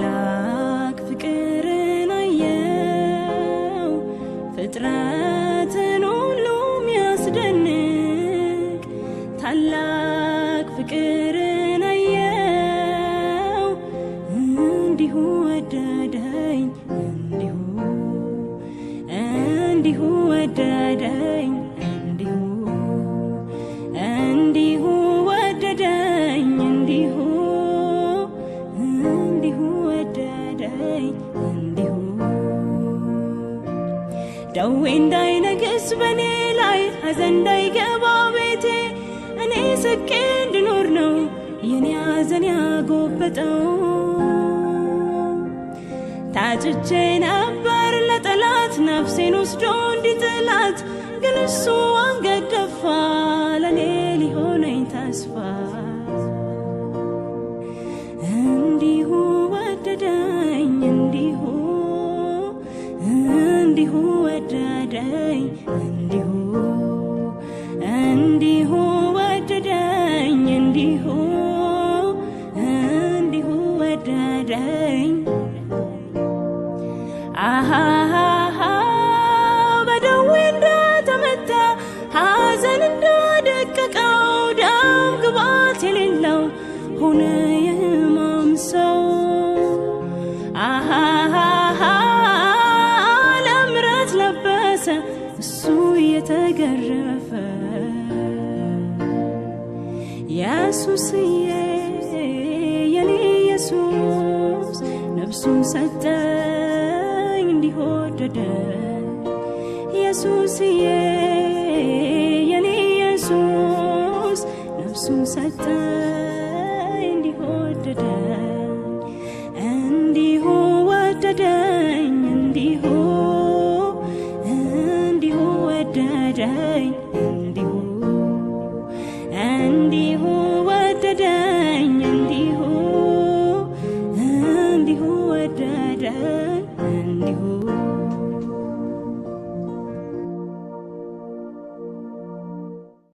ታላቅ ፍቅርን አየው ፍጥረትን ሁሉ የሚያስደንቅ ታላቅ ፍቅርን አየው እንዲሁ ወደደኝ እንዲሁ እንዲሁ ወደደኝ ደዌ እንዳይነግስ በእኔ ላይ ሐዘን እንዳይገባ ቤቴ እኔ ስቄ እንድኖር ነው የኔ ሐዘን ያጎበጠው። ታጭቼ ነበር ለጠላት ነፍሴን ወስዶ እንዲጥላት፣ ግን እሱ አንገት ደፋ ሊሆነኝ ተስፋ ነበረኝ እንዲሁ እንዲሁ ወደደኝ እንዲሁ እንዲሁ ወደደኝ አሃ በደዌ እንደተመታ ሐዘን እንዳደቀቀው ደም ግባት የሌለው ሁነ ተገረፈ ኢየሱስዬ የኔ ኢየሱስ ነፍሱን ሰጠኝ እንዲወደደ ኢየሱስዬ የኔ ኢየሱስ ነፍሱን ሰጠኝ ወደደኝ እንዲሁ እንዲሁ ወደደኝ እንዲሁ እንዲሁ ወደደኝ